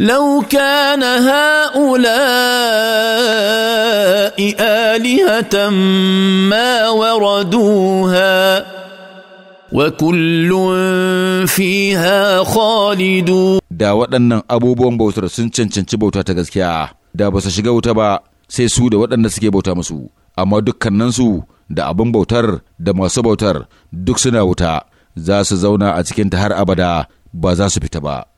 لو كان هؤلاء آلهة ما وردوها وكل فيها خالدون da waɗannan abubuwan bautar sun cancanci bauta ta gaskiya da ba su shiga wuta ba sai su da waɗanda suke bauta musu amma dukkaninsu da abin bautar da masu bautar duk suna wuta za su zauna a cikinta har abada ba za su fita ba